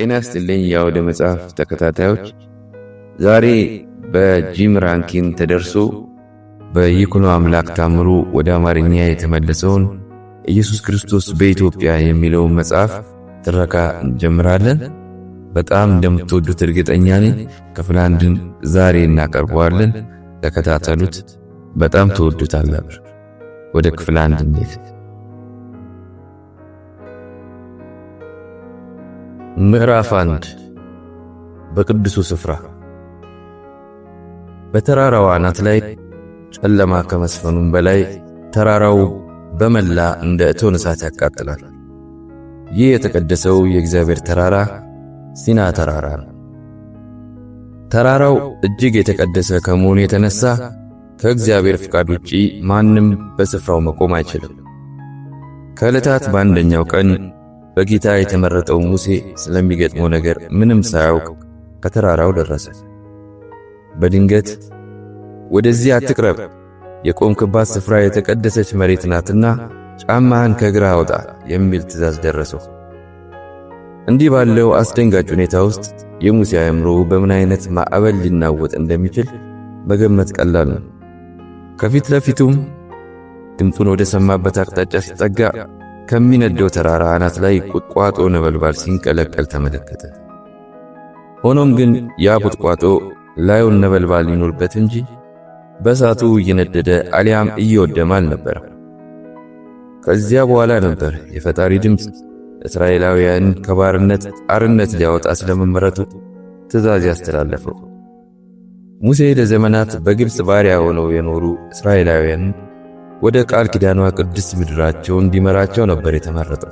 ጤና ስጥልኝ የአውደ መጽሐፍ ተከታታዮች፣ ዛሬ በጂም ራንኪን ተደርሶ በይኩኖ አምላክ ታምሩ ወደ አማርኛ የተመለሰውን ኢየሱስ ክርስቶስ በኢትዮጵያ የሚለውን መጽሐፍ ትረካ እንጀምራለን። በጣም እንደምትወዱት እርግጠኛ ነኝ። ክፍል አንድን ዛሬ እናቀርበዋለን። ተከታተሉት፣ በጣም ትወዱታላችሁ። ወደ ክፍል አንድ ምዕራፍ አንድ በቅዱሱ ስፍራ በተራራው አናት ላይ ጨለማ ከመስፈኑም በላይ ተራራው በመላ እንደ እቶን እሳት ያቃጥላል። ይህ የተቀደሰው የእግዚአብሔር ተራራ ሲና ተራራ ነው። ተራራው እጅግ የተቀደሰ ከመሆኑ የተነሳ ከእግዚአብሔር ፍቃድ ውጪ ማንም በስፍራው መቆም አይችልም። ከዕለታት በአንደኛው ቀን በጌታ የተመረጠው ሙሴ ስለሚገጥመው ነገር ምንም ሳያውቅ ከተራራው ደረሰ። በድንገት ወደዚህ አትቅረብ፣ የቆምክባት ስፍራ የተቀደሰች መሬት ናትና ጫማህን ከግራ አውጣ የሚል ትእዛዝ ደረሰው። እንዲህ ባለው አስደንጋጭ ሁኔታ ውስጥ የሙሴ አእምሮ በምን አይነት ማዕበል ሊናወጥ እንደሚችል መገመት ቀላል ነው። ከፊት ለፊቱም ድምፁን ወደ ሰማበት አቅጣጫ ሲጠጋ ከሚነደው ተራራ አናት ላይ ቁጥቋጦ ነበልባል ሲንቀለቀል ተመለከተ። ሆኖም ግን ያ ቁጥቋጦ ላዩን ነበልባል ሊኖርበት እንጂ በሳቱ እየነደደ አሊያም እየወደመ አልነበረም። ከዚያ በኋላ ነበር የፈጣሪ ድምፅ እስራኤላውያን ከባርነት አርነት ሊያወጣ ስለመመረቱ ትእዛዝ ያስተላለፈው። ሙሴ ለዘመናት በግብፅ ባሪያ ሆነው የኖሩ እስራኤላውያንን ወደ ቃል ኪዳኗ ቅድስት ምድራቸው እንዲመራቸው ነበር የተመረጠው።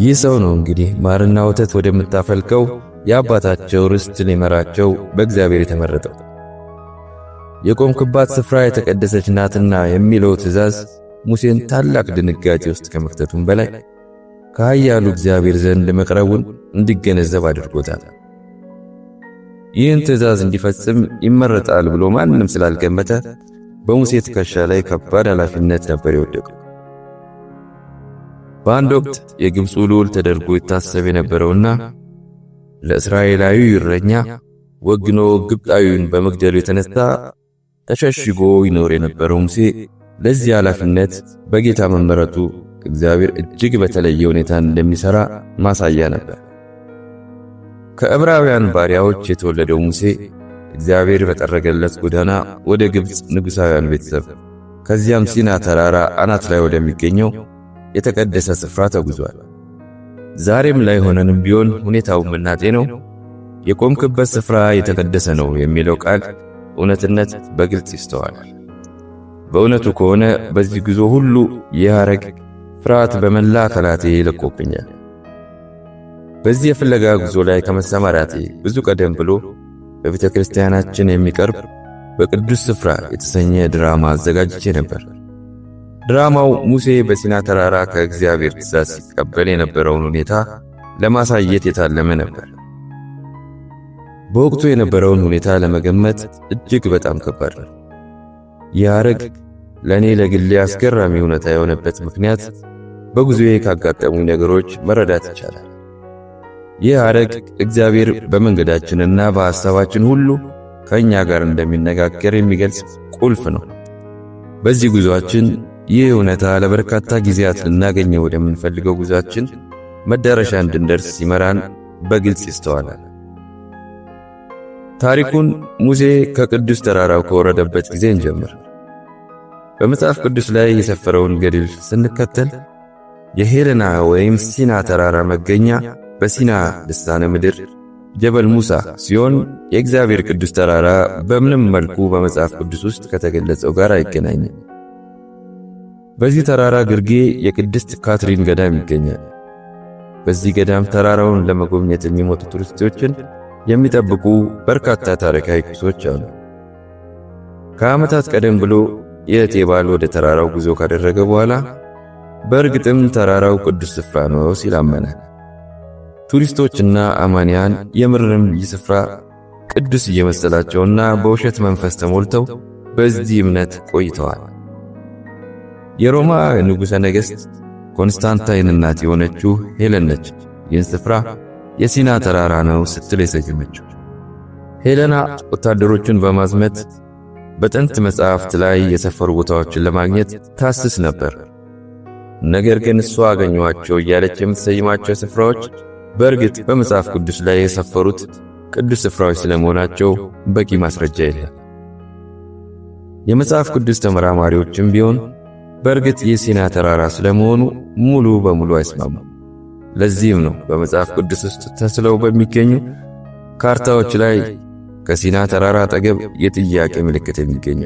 ይህ ሰው ነው እንግዲህ ማርና ወተት ወደምታፈልከው የአባታቸው ርስት ሊመራቸው በእግዚአብሔር የተመረጠው። የቆምክባት ስፍራ የተቀደሰች ናትና የሚለው ትእዛዝ ሙሴን ታላቅ ድንጋጤ ውስጥ ከመክተቱም በላይ ከኃያሉ እግዚአብሔር ዘንድ መቅረቡን እንዲገነዘብ አድርጎታል። ይህን ትእዛዝ እንዲፈጽም ይመረጣል ብሎ ማንም ስላልገመተ በሙሴ ትከሻ ላይ ከባድ ኃላፊነት ነበር የወደቀው። በአንድ ወቅት የግብፁ ልዑል ተደርጎ ይታሰብ የነበረውና ለእስራኤላዊ እረኛ ወግኖ ግብጣዊውን በመግደሉ የተነሳ ተሸሽጎ ይኖር የነበረው ሙሴ ለዚህ ኃላፊነት በጌታ መመረቱ እግዚአብሔር እጅግ በተለየ ሁኔታ እንደሚሰራ ማሳያ ነበር። ከዕብራውያን ባሪያዎች የተወለደው ሙሴ እግዚአብሔር በጠረገለት ጎዳና ወደ ግብፅ ንጉሣውያን ቤተሰብ ከዚያም ሲና ተራራ አናት ላይ ወደሚገኘው የተቀደሰ ስፍራ ተጉዟል። ዛሬም ላይ ሆነንም ቢሆን ሁኔታው ምናጤ ነው። የቆምክበት ስፍራ የተቀደሰ ነው የሚለው ቃል እውነትነት በግልጽ ይስተዋላል። በእውነቱ ከሆነ በዚህ ጉዞ ሁሉ ይህ ፍርሃት በመላ አካላቴ ለቆብኛል። በዚህ የፍለጋ ጉዞ ላይ ከመሰማራቴ ብዙ ቀደም ብሎ በቤተ ክርስቲያናችን የሚቀርብ በቅዱስ ስፍራ የተሰኘ ድራማ አዘጋጅቼ ነበር። ድራማው ሙሴ በሲና ተራራ ከእግዚአብሔር ትእዛዝ ሲቀበል የነበረውን ሁኔታ ለማሳየት የታለመ ነበር። በወቅቱ የነበረውን ሁኔታ ለመገመት እጅግ በጣም ከባድ ነው። ይህ ሐረግ ለእኔ ለግሌ አስገራሚ እውነታ የሆነበት ምክንያት በጉዞዬ ካጋጠሙኝ ነገሮች መረዳት ይቻላል። ይህ ሐረግ እግዚአብሔር በመንገዳችንና በሐሳባችን ሁሉ ከእኛ ጋር እንደሚነጋገር የሚገልጽ ቁልፍ ነው። በዚህ ጉዟችን ይህ እውነታ ለበርካታ ጊዜያት ልናገኘው ወደምንፈልገው ጉዟችን መዳረሻ እንድንደርስ ሲመራን በግልጽ ይስተዋላል። ታሪኩን ሙሴ ከቅዱስ ተራራው ከወረደበት ጊዜ እንጀምር። በመጽሐፍ ቅዱስ ላይ የሰፈረውን ገድል ስንከተል የሄለና ወይም ሲና ተራራ መገኛ በሲና ልሳነ ምድር ጀበል ሙሳ ሲሆን የእግዚአብሔር ቅዱስ ተራራ በምንም መልኩ በመጽሐፍ ቅዱስ ውስጥ ከተገለጸው ጋር አይገናኝም። በዚህ ተራራ ግርጌ የቅድስት ካትሪን ገዳም ይገኛል። በዚህ ገዳም ተራራውን ለመጎብኘት የሚሞቱ ቱሪስቶችን የሚጠብቁ በርካታ ታሪካዊ ቅርሶች አሉ። ከዓመታት ቀደም ብሎ የእቴ ባል ወደ ተራራው ጉዞ ካደረገ በኋላ በእርግጥም ተራራው ቅዱስ ስፍራ ነው ሲል ቱሪስቶችና አማንያን የምርም ይህ ስፍራ ቅዱስ እየመሰላቸውና በውሸት መንፈስ ተሞልተው በዚህ እምነት ቆይተዋል። የሮማ ንጉሠ ነገሥት ኮንስታንታይን እናት የሆነችው ሄለን ነች ይህን ስፍራ የሲና ተራራ ነው ስትል የሰየመችው። ሄለና ወታደሮቹን በማዝመት በጥንት መጻሕፍት ላይ የሰፈሩ ቦታዎችን ለማግኘት ታስስ ነበር። ነገር ግን እሷ አገኘኋቸው እያለች የምትሰይማቸው ስፍራዎች በእርግጥ በመጽሐፍ ቅዱስ ላይ የሰፈሩት ቅዱስ ስፍራዎች ስለመሆናቸው በቂ ማስረጃ የለም። የመጽሐፍ ቅዱስ ተመራማሪዎችም ቢሆን በእርግጥ የሲና ተራራ ስለመሆኑ ሙሉ በሙሉ አይስማሙም። ለዚህም ነው በመጽሐፍ ቅዱስ ውስጥ ተስለው በሚገኙ ካርታዎች ላይ ከሲና ተራራ አጠገብ የጥያቄ ምልክት የሚገኙ።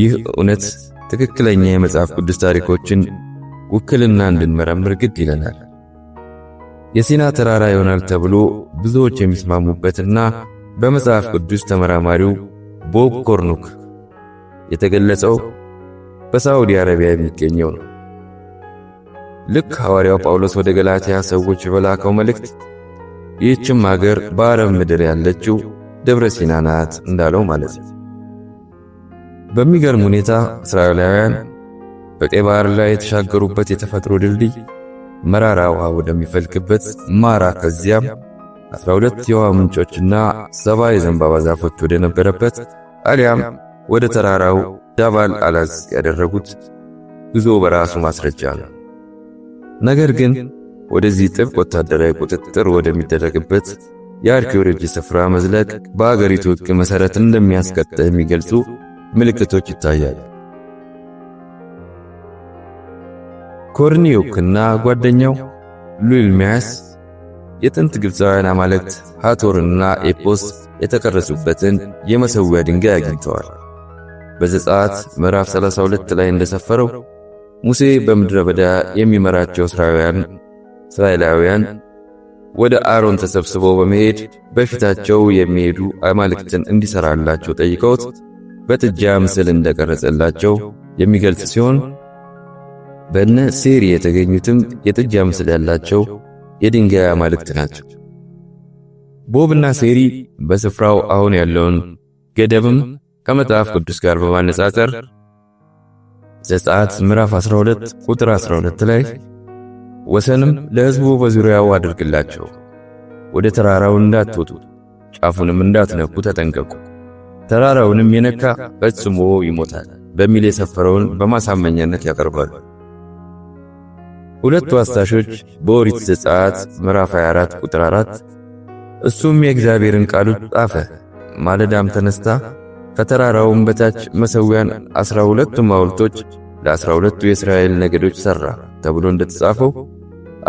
ይህ እውነት ትክክለኛ የመጽሐፍ ቅዱስ ታሪኮችን ውክልና እንድንመረምር ግድ ይለናል። የሲና ተራራ ይሆናል ተብሎ ብዙዎች የሚስማሙበትና በመጽሐፍ ቅዱስ ተመራማሪው ቦብ ኮርኑክ የተገለጸው በሳዑዲ አረቢያ የሚገኘው ነው። ልክ ሐዋርያው ጳውሎስ ወደ ገላትያ ሰዎች በላከው መልእክት ይህችም አገር በአረብ ምድር ያለችው ደብረ ሲና ናት እንዳለው ማለት ነው። በሚገርም ሁኔታ እስራኤላውያን በቀይ ባህር ላይ የተሻገሩበት የተፈጥሮ ድልድይ መራራ ውሃ ወደሚፈልቅበት ማራ ከዚያም 12 የውሃ ምንጮችና ሰባ የዘንባባ ዛፎች ወደ ነበረበት አሊያም ወደ ተራራው ዳባል አላዝ ያደረጉት ጉዞ በራሱ ማስረጃ ነው። ነገር ግን ወደዚህ ጥብቅ ወታደራዊ ቁጥጥር ወደሚደረግበት የአርኪኦሎጂ ስፍራ መዝለቅ በአገሪቱ ሕግ መሠረት እንደሚያስቀጥህ የሚገልጹ ምልክቶች ይታያል። ኮርኒዮክና ጓደኛው ሉልሚያስ የጥንት ግብፃውያን አማልክት ሃቶርና ኤፖስ የተቀረጹበትን የመሰዊያ ድንጋይ አግኝተዋል። በዘጸአት ምዕራፍ 32 ላይ እንደሰፈረው ሙሴ በምድረ በዳ የሚመራቸው እስራኤላውያን እስራኤላውያን ወደ አሮን ተሰብስበው በመሄድ በፊታቸው የሚሄዱ አማልክትን እንዲሰራላቸው ጠይቀውት በጥጃ ምስል እንደቀረጸላቸው የሚገልጽ ሲሆን በእነ ሴሪ የተገኙትም የጥጃ ምስል ያላቸው የድንጋይ አማልክት ናቸው። ቦብና ሴሪ በስፍራው አሁን ያለውን ገደብም ከመጽሐፍ ቅዱስ ጋር በማነጻጸር ዘጸአት ምዕራፍ 12 ቁጥር 12 ላይ ወሰንም ለሕዝቡ በዙሪያው አድርግላቸው፣ ወደ ተራራው እንዳትወጡ ጫፉንም እንዳትነኩ ተጠንቀቁ፣ ተራራውንም የነካ ፈጽሞ ይሞታል በሚል የሰፈረውን በማሳመኛነት ያቀርባሉ። ሁለቱ አሳሾች በኦሪት ዘጸአት ምዕራፍ 24 ቁጥር 4 እሱም የእግዚአብሔርን ቃል ጻፈ። ማለዳም ተነስታ ከተራራውም በታች መሠዊያን ዐሥራ ሁለቱም ሐውልቶች ለዐሥራ ሁለቱ የእስራኤል ነገዶች ሠራ ተብሎ እንደተጻፈው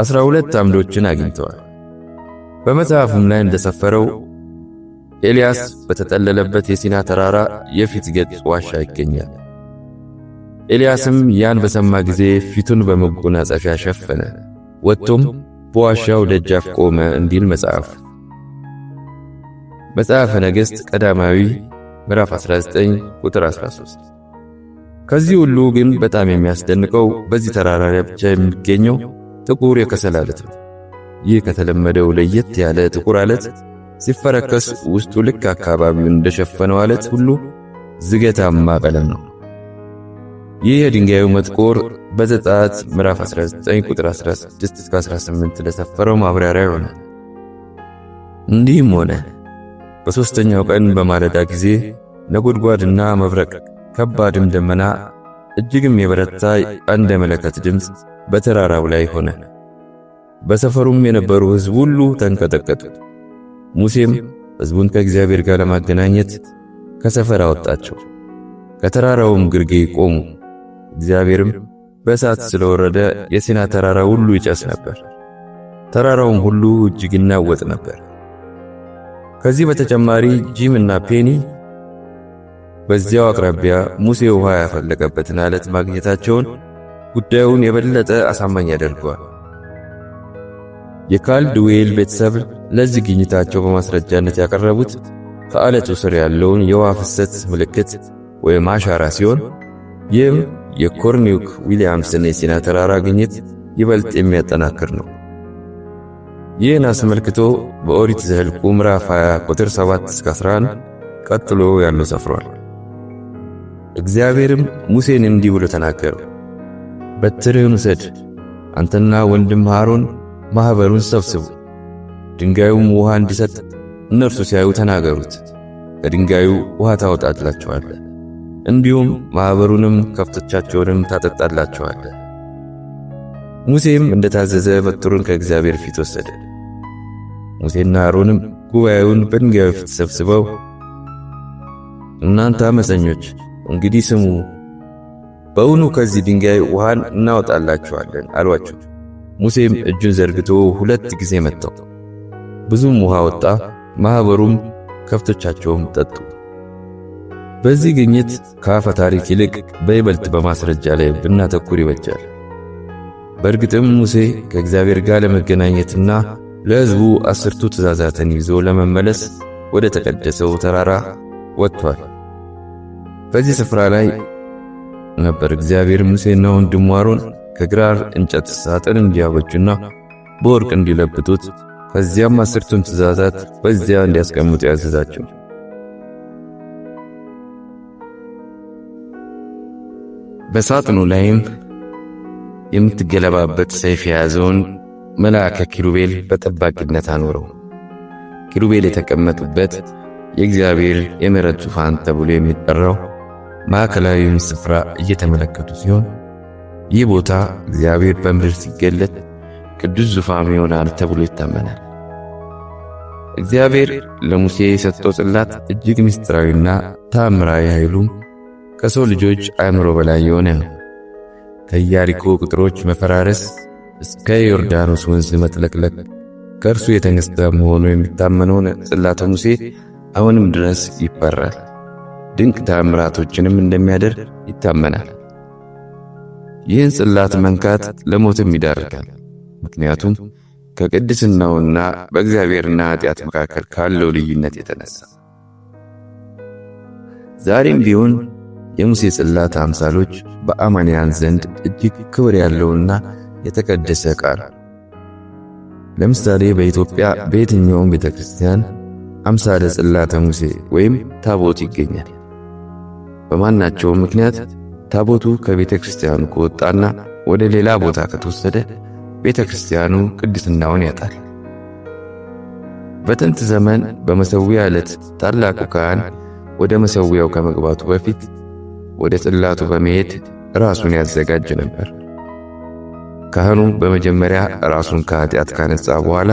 ዐሥራ ሁለት አምዶችን አግኝተዋል። በመጽሐፉም ላይ እንደሰፈረው ኤልያስ በተጠለለበት የሲና ተራራ የፊት ገጽ ዋሻ ይገኛል። ኤልያስም ያን በሰማ ጊዜ ፊቱን በመጎናጸፊያ ሸፈነ፣ ወጥቶም በዋሻው ደጃፍ ቆመ እንዲል መጽሐፍ መጽሐፈ ነገሥት ቀዳማዊ ምዕራፍ 19 ቁጥር 13። ከዚህ ሁሉ ግን በጣም የሚያስደንቀው በዚህ ተራራ ላይ ብቻ የሚገኘው ጥቁር የከሰል አለት ነው። ይህ ከተለመደው ለየት ያለ ጥቁር አለት ሲፈረከስ ውስጡ ልክ አካባቢውን እንደሸፈነው አለት ሁሉ ዝገታማ ቀለም ነው። ይህ የድንጋዩ መጥቆር በዘጸአት ምዕራፍ 19 ቁጥር 16 እስከ 18 ለሰፈረው ማብራሪያ ይሆናል። እንዲህም ሆነ በሦስተኛው ቀን በማለዳ ጊዜ ነጎድጓድና መብረቅ፣ ከባድም ደመና፣ እጅግም የበረታ አንድ መለከት ድምፅ በተራራው ላይ ሆነ። በሰፈሩም የነበሩ ሕዝብ ሁሉ ተንቀጠቀጡ። ሙሴም ሕዝቡን ከእግዚአብሔር ጋር ለማገናኘት ከሰፈር አወጣቸው። ከተራራውም ግርጌ ቆሙ። እግዚአብሔርም በእሳት ስለወረደ የሲና ተራራ ሁሉ ይጨስ ነበር። ተራራውም ሁሉ እጅግ ይናወጥ ነበር። ከዚህ በተጨማሪ ጂም እና ፔኒ በዚያው አቅራቢያ ሙሴ ውሃ ያፈለቀበትን አለት ማግኘታቸውን ጉዳዩን የበለጠ አሳማኝ ያደርገዋል። የካልድዌል ቤተሰብ ለዚህ ግኝታቸው በማስረጃነት ያቀረቡት ከአለቱ ስር ያለውን የውሃ ፍሰት ምልክት ወይም አሻራ ሲሆን ይህም የኮርኒውክ ዊሊያምስን የሲና ተራራ ግኝት ይበልጥ የሚያጠናክር ነው። ይህን አስመልክቶ በኦሪት ዘኍልቍ ምዕራፍ 20 ቁጥር 7 እስከ 11 ቀጥሎ ያለው ሰፍሯል። እግዚአብሔርም ሙሴን እንዲህ ብሎ ተናገረው፣ በትርህን ውሰድ፣ አንተና ወንድም አሮን ማኅበሩን ሰብስቡ፣ ድንጋዩም ውሃ እንዲሰጥ እነርሱ ሲያዩ ተናገሩት፣ ከድንጋዩ ውሃ ታወጣላችኋለህ እንዲሁም ማኅበሩንም ከብቶቻቸውንም ታጠጣላቸዋለህ። ሙሴም እንደታዘዘ በትሩን ከእግዚአብሔር ፊት ወሰደ። ሙሴና አሮንም ጉባኤውን በድንጋዩ ፊት ሰብስበው እናንተ አመፀኞች እንግዲህ ስሙ፣ በእውኑ ከዚህ ድንጋይ ውሃን እናወጣላችኋለን አሏቸው። ሙሴም እጁን ዘርግቶ ሁለት ጊዜ መታው፣ ብዙም ውሃ ወጣ። ማኅበሩም ከብቶቻቸውም ጠጡ። በዚህ ግኝት ከአፈ ታሪክ ይልቅ በይበልጥ በማስረጃ ላይ ብናተኩር ይበጃል። በእርግጥም ሙሴ ከእግዚአብሔር ጋር ለመገናኘትና ለሕዝቡ አስርቱ ትእዛዛትን ይዞ ለመመለስ ወደ ተቀደሰው ተራራ ወጥቷል። በዚህ ስፍራ ላይ ነበር እግዚአብሔር ሙሴና ወንድሙ አሮን ከግራር እንጨት ሳጥን እንዲያበጁና በወርቅ እንዲለብጡት ከዚያም አስርቱን ትእዛዛት በዚያ እንዲያስቀምጡ ያዘዛቸው። በሳጥኑ ላይም የምትገለባበት ሰይፍ የያዘውን መልአከ ኪሩቤል በጠባቂነት አኖረው። ኪሩቤል የተቀመጡበት የእግዚአብሔር የምሕረት ዙፋን ተብሎ የሚጠራው ማዕከላዊውን ስፍራ እየተመለከቱ ሲሆን ይህ ቦታ እግዚአብሔር በምድር ሲገለጥ ቅዱስ ዙፋኑ ይሆናል ተብሎ ይታመናል። እግዚአብሔር ለሙሴ የሰጠው ጽላት እጅግ ምስጢራዊና ታምራዊ ኃይሉም ከሰው ልጆች አእምሮ በላይ የሆነ ነው። ከኢያሪኮ ቅጥሮች መፈራረስ እስከ ዮርዳኖስ ወንዝ መጥለቅለቅ ከእርሱ የተነስተ መሆኑ የሚታመነውን ጽላተ ሙሴ አሁንም ድረስ ይፈራል። ድንቅ ተአምራቶችንም እንደሚያደርግ ይታመናል። ይህን ጽላት መንካት ለሞትም ይዳርጋል። ምክንያቱም ከቅድስናውና በእግዚአብሔርና ኃጢአት መካከል ካለው ልዩነት የተነሳ ዛሬም ቢሆን የሙሴ ጽላት አምሳሎች በአማንያን ዘንድ እጅግ ክብር ያለውና የተቀደሰ ቃል ነው። ለምሳሌ በኢትዮጵያ በየትኛውም ቤተ ክርስቲያን አምሳለ ጽላተ ሙሴ ወይም ታቦት ይገኛል። በማናቸውም ምክንያት ታቦቱ ከቤተ ክርስቲያኑ ከወጣና ወደ ሌላ ቦታ ከተወሰደ ቤተ ክርስቲያኑ ቅድስናውን ያጣል። በጥንት ዘመን በመሠዊያ ዕለት ታላቁ ካህን ወደ መሠዊያው ከመግባቱ በፊት ወደ ጽላቱ በመሄድ ራሱን ያዘጋጅ ነበር። ካህኑ በመጀመሪያ ራሱን ከኃጢአት ካነጻ በኋላ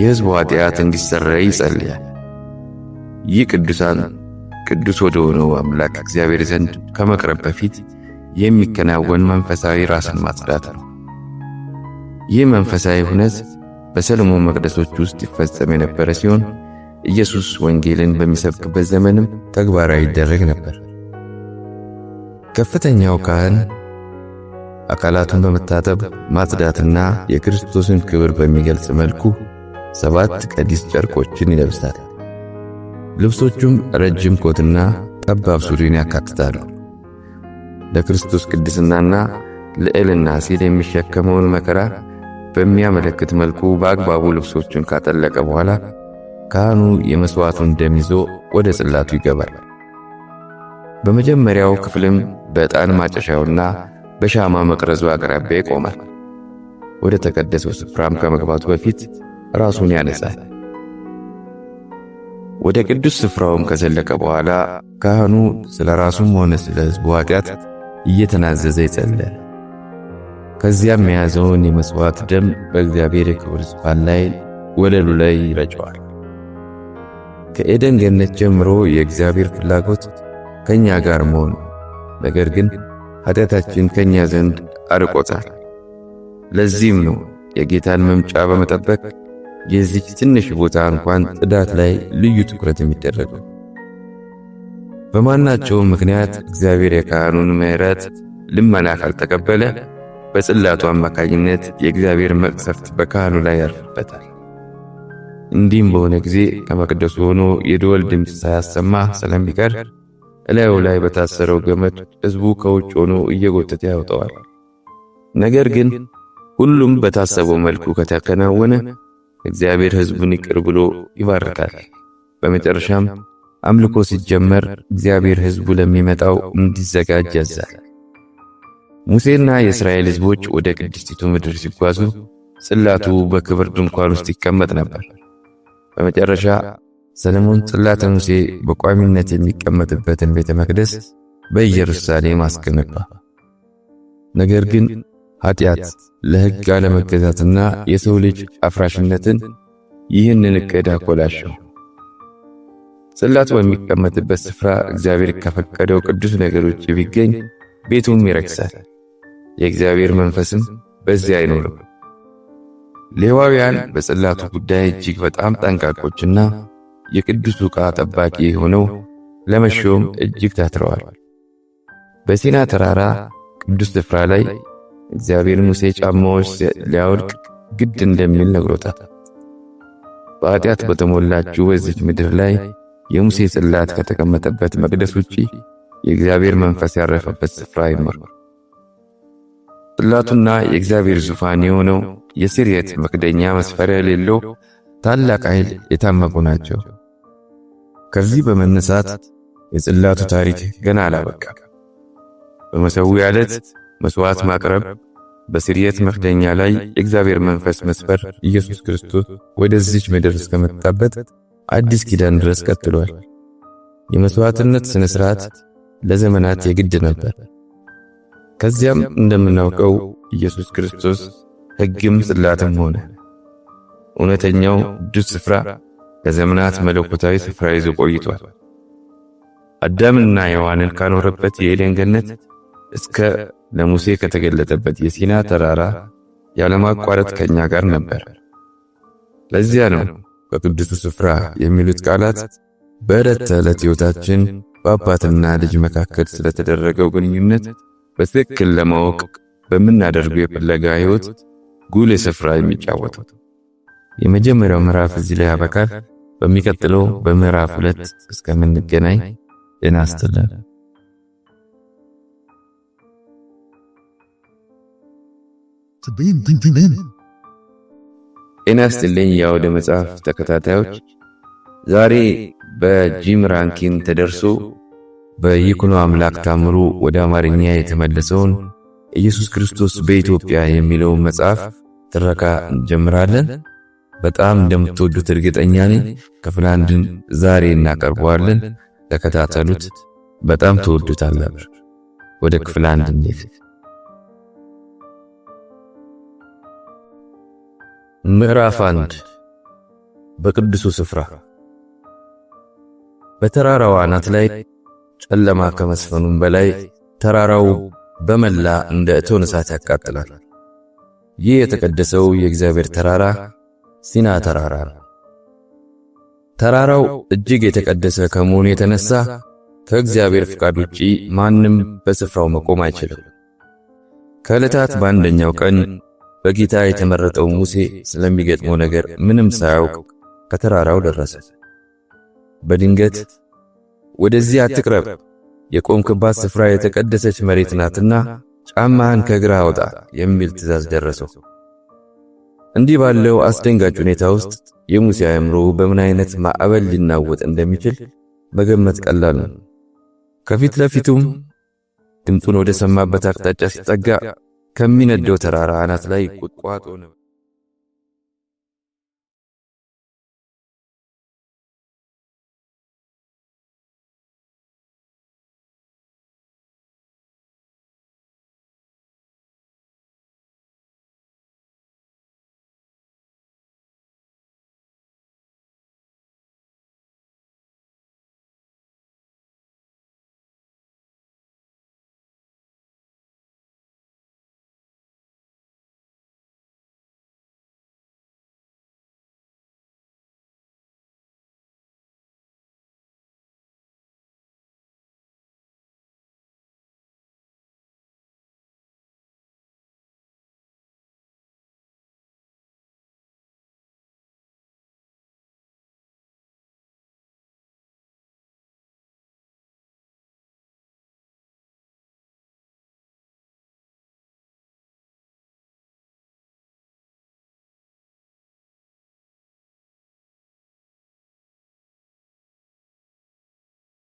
የሕዝቡ ኃጢአት እንዲሰረይ ይጸልያል። ይህ ቅዱሳን ቅዱስ ወደ ሆነው አምላክ እግዚአብሔር ዘንድ ከመቅረብ በፊት የሚከናወን መንፈሳዊ ራስን ማጽዳት ነው። ይህ መንፈሳዊ ሁነት በሰሎሞን መቅደሶች ውስጥ ይፈጸም የነበረ ሲሆን ኢየሱስ ወንጌልን በሚሰብክበት ዘመንም ተግባራዊ ይደረግ ነበር። ከፍተኛው ካህን አካላቱን በመታጠብ ማጽዳትና የክርስቶስን ክብር በሚገልጽ መልኩ ሰባት ቀዲስ ጨርቆችን ይለብሳል። ልብሶቹም ረጅም ኮትና ጠባብ ሱሪን ያካትታሉ። ለክርስቶስ ቅድስናና ልዕልና ሲል የሚሸከመውን መከራ በሚያመለክት መልኩ በአግባቡ ልብሶቹን ካጠለቀ በኋላ ካህኑ የመሥዋዕቱን ደም ይዞ ወደ ጽላቱ ይገባል። በመጀመሪያው ክፍልም በዕጣን ማጨሻውና በሻማ መቅረዙ አቅራቢያ ይቆማል። ወደ ተቀደሰው ስፍራም ከመግባቱ በፊት ራሱን ያነጻል። ወደ ቅዱስ ስፍራውም ከዘለቀ በኋላ ካህኑ ስለ ራሱም ሆነ ስለ ሕዝቡ ኃጢአት እየተናዘዘ ይጸልያል። ከዚያም የያዘውን የመሥዋዕት ደም በእግዚአብሔር የክብር ዙፋን ላይ ወለሉ ላይ ይረጨዋል። ከኤደን ገነት ጀምሮ የእግዚአብሔር ፍላጎት ከእኛ ጋር መሆን ነገር ግን ኃጢአታችን ከእኛ ዘንድ አርቆታል። ለዚህም ነው የጌታን መምጫ በመጠበቅ የዚች ትንሽ ቦታ እንኳን ጥዳት ላይ ልዩ ትኩረት የሚደረገው። በማናቸውም ምክንያት እግዚአብሔር የካህኑን ምሕረት ልመና ካልተቀበለ በጽላቱ አማካኝነት የእግዚአብሔር መቅሰፍት በካህኑ ላይ ያርፍበታል። እንዲህም በሆነ ጊዜ ከመቅደሱ ሆኖ የደወል ድምፅ ሳያሰማ ስለሚቀር እላዩ ላይ በታሰረው ገመድ ሕዝቡ ከውጭ ሆኖ እየጎተተ ያወጣዋል። ነገር ግን ሁሉም በታሰበው መልኩ ከተከናወነ እግዚአብሔር ሕዝቡን ይቅር ብሎ ይባርካል። በመጨረሻም አምልኮ ሲጀመር እግዚአብሔር ሕዝቡ ለሚመጣው እንዲዘጋጅ ያዛል። ሙሴና የእስራኤል ሕዝቦች ወደ ቅድስቲቱ ምድር ሲጓዙ ጽላቱ በክብር ድንኳን ውስጥ ይቀመጥ ነበር። በመጨረሻ ሰለሞን ጽላተ ሙሴ በቋሚነት የሚቀመጥበትን ቤተ መቅደስ በኢየሩሳሌም አስገነባ። ነገር ግን ኃጢአት፣ ለሕግ አለመገዛትና የሰው ልጅ አፍራሽነትን ይህንን ዕቅድ አኮላሸው። ጽላቱ በሚቀመጥበት ስፍራ እግዚአብሔር ከፈቀደው ቅዱስ ነገሮች ቢገኝ ቤቱም ይረክሳል፣ የእግዚአብሔር መንፈስም በዚያ አይኖርም። ሌዋውያን በጽላቱ ጉዳይ እጅግ በጣም ጠንቃቆችና የቅዱሱ ዕቃ ጠባቂ ሆነው ለመሾም እጅግ ታትረዋል። በሲና ተራራ ቅዱስ ስፍራ ላይ እግዚአብሔር ሙሴ ጫማዎች ሊያወልቅ ግድ እንደሚል ነግሮታል። በኃጢአት በተሞላችው በዚች ምድር ላይ የሙሴ ጽላት ከተቀመጠበት መቅደስ ውጪ የእግዚአብሔር መንፈስ ያረፈበት ስፍራ አይኖርም። ጽላቱና የእግዚአብሔር ዙፋን የሆነው የስርየት መክደኛ መስፈሪያ የሌለው ታላቅ ኃይል የታመቁ ናቸው። ከዚህ በመነሳት የጽላቱ ታሪክ ገና አላበቃ። በመሠዊያ ዕለት መሥዋዕት ማቅረብ፣ በስርየት መክደኛ ላይ የእግዚአብሔር መንፈስ መስፈር ኢየሱስ ክርስቶስ ወደዚች ምድር እስከመጣበት አዲስ ኪዳን ድረስ ቀጥሏል። የመሥዋዕትነት ሥነ ሥርዓት ለዘመናት የግድ ነበር። ከዚያም እንደምናውቀው ኢየሱስ ክርስቶስ ሕግም ጽላትም ሆነ እውነተኛው ቅዱስ ስፍራ ከዘመናት መለኮታዊ ስፍራ ይዞ ቆይቷል። አዳምና ሔዋንን ካኖረበት የኤደን ገነት እስከ ለሙሴ ከተገለጠበት የሲና ተራራ ያለማቋረጥ ከኛ ጋር ነበር። ለዚያ ነው በቅዱሱ ስፍራ የሚሉት ቃላት በዕለት ተዕለት ሕይወታችን በአባትና ልጅ መካከል ስለተደረገው ግንኙነት በትክክል ለማወቅ በምናደርገው የፍለጋ ሕይወት ጉልህ ስፍራ የሚጫወቱት። የመጀመሪያው ምዕራፍ እዚህ ላይ ያበቃል። በሚቀጥለው በምዕራፍ ሁለት እስከምንገናኝ ጤና ይስጥልን። ጤና ይስጥልኝ የአውደ መጽሐፍ ተከታታዮች፣ ዛሬ በጂም ራንኪን ተደርሶ በይኩኖ አምላክ ታምሩ ወደ አማርኛ የተመለሰውን ኢየሱስ ክርስቶስ በኢትዮጵያ የሚለውን መጽሐፍ ትረካ እንጀምራለን። በጣም እንደምትወዱት እርግጠኛ ነኝ። ከፍላንድን ዛሬ እናቀርበዋለን። ተከታተሉት፣ በጣም ትወዱታላችሁ። ወደ ክፍላንድ እንሂድ። ምዕራፍ አንድ በቅዱሱ ስፍራ በተራራው አናት ላይ ጨለማ ከመስፈኑም በላይ ተራራው በመላ እንደ እቶን እሳት ያቃጥላል። ይህ የተቀደሰው የእግዚአብሔር ተራራ ሲና ተራራ ተራራው እጅግ የተቀደሰ ከመሆኑ የተነሳ ከእግዚአብሔር ፍቃድ ውጪ ማንም በስፍራው መቆም አይችልም። ከዕለታት በአንደኛው ቀን በጌታ የተመረጠው ሙሴ ስለሚገጥመው ነገር ምንም ሳያውቅ ከተራራው ደረሰ። በድንገት ወደዚህ አትቅረብ፣ የቆምክባት ስፍራ የተቀደሰች መሬት ናትና ጫማህን ከግራ አውጣ የሚል ትእዛዝ ደረሰው። እንዲህ ባለው አስደንጋጭ ሁኔታ ውስጥ የሙሴ አእምሮ በምን አይነት ማዕበል ሊናወጥ እንደሚችል መገመት ቀላል ነው። ከፊት ለፊቱም ድምፁን ወደ ሰማበት አቅጣጫ ሲጠጋ ከሚነደው ተራራ አናት ላይ ቁጥቋጦ ነበር።